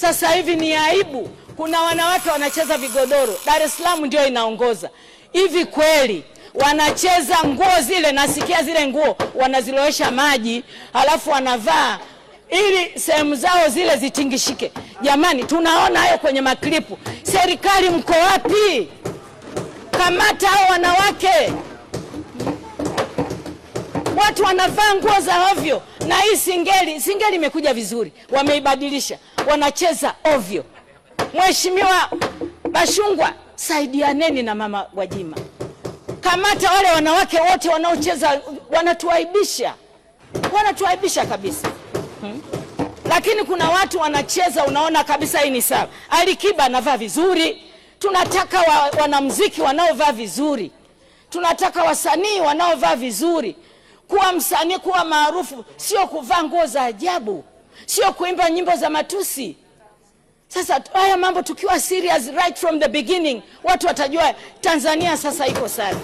Sasa hivi ni aibu, kuna wanawake wanacheza vigodoro. Dar es Salaam ndio inaongoza. Hivi kweli wanacheza nguo zile, nasikia zile nguo wanazilowesha maji halafu wanavaa ili sehemu zao zile zitingishike. Jamani, tunaona hayo kwenye maklipu. Serikali mko wapi? Kamata hao wanawake watu wanavaa nguo za ovyo, na hii singeli, singeli imekuja vizuri, wameibadilisha, wanacheza ovyo. Mheshimiwa Bashungwa, saidianeni na mama Gwajima, kamata wale wanawake wote wanaocheza, wanatuaibisha, wanatuaibisha kabisa hmm? Lakini kuna watu wanacheza, unaona kabisa hii ni sawa. Alikiba anavaa vizuri, tunataka wa, wanamziki wanaovaa vizuri tunataka wasanii wanaovaa vizuri. Kuwa msanii, kuwa maarufu sio kuvaa nguo za ajabu, sio kuimba nyimbo za matusi. Sasa haya mambo tukiwa serious right from the beginning, watu watajua Tanzania sasa iko sawa.